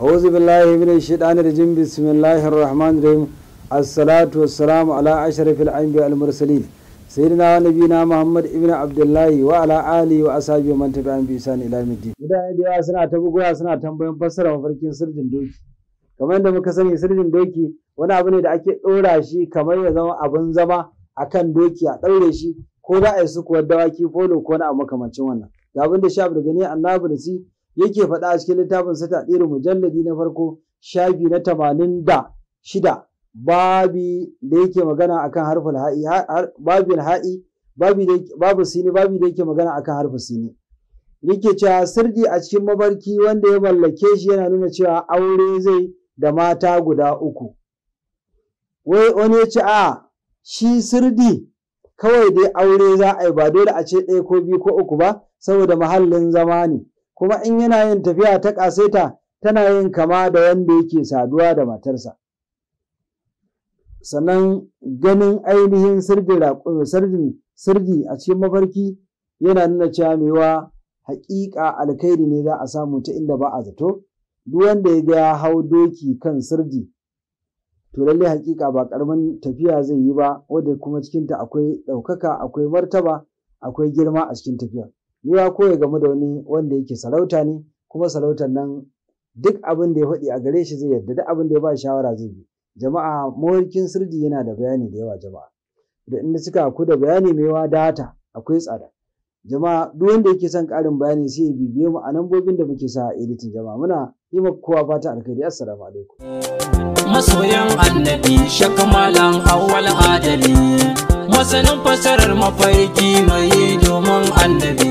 أعوذ بالله من الشيطان الرجيم بسم الله الرحمن الرحيم الصلاة والسلام على أشرف الأنبياء المرسلين سيدنا ونبينا محمد ابن عبد الله وعلى آله وأصحابه ومن تبعهم بإحسان إلى يوم الدين. mutane da yawa suna ta bugowa suna tambayan fassara mafarkin sirjin doki kamar yadda muka sani sirjin doki wani abu ne da ake ɗora shi kamar ya zama abin zama a kan doki a ɗaure shi ko za a yi sukuwar dawaki folo ko na a makamancin wannan ga abin da sha da gani annabi da si yake faɗa a cikin littafin sa tadirin mujalladi na farko shabi na tamanin da shida babi da yake magana akan harfin ha'i babin ha'i babu sini babi da yake magana akan harfin sini yake cewa sirdi a cikin mabarki wanda ya mallake shi yana nuna cewa aure zai da mata guda uku wai wani ya ce a shi sirdi kawai dai aure za a yi ba dole a ce ɗaya ko biyu ko uku ba saboda mahallin zama ne kuma in yana yin tafiya ta ƙasaita tana yin kama da wanda yake saduwa da matarsa sannan ganin ainihin sirji a cikin mafarki yana nuna cewa mewa haƙiƙa alkhairi ne za a samu ta inda ba a zato duk wanda ya ga ya hau doki kan sirji to lallai haƙiƙa ba ƙaramin tafiya zai yi ba wadda kuma cikinta akwai ɗaukaka akwai martaba akwai girma a cikin tafiyar ya koya game da wani wanda yake sarauta ne kuma sarautar nan duk abin da ya faɗi a gare shi zai yarda duk abin da ya ba shawara zai bi jama'a mawarkin sirdi yana da bayani da yawa jama'a da inda suka ku da bayani mai yawa data akwai tsada jama'a duk wanda yake son ƙarin bayani sai ya bibiye mu a nambobin da muke sa editin jama'a muna yi maka kowa fata alkhairi assalamu alaikum masoyan annabi shakamalan awwal adali masanin fasarar mafarki mai domin annabi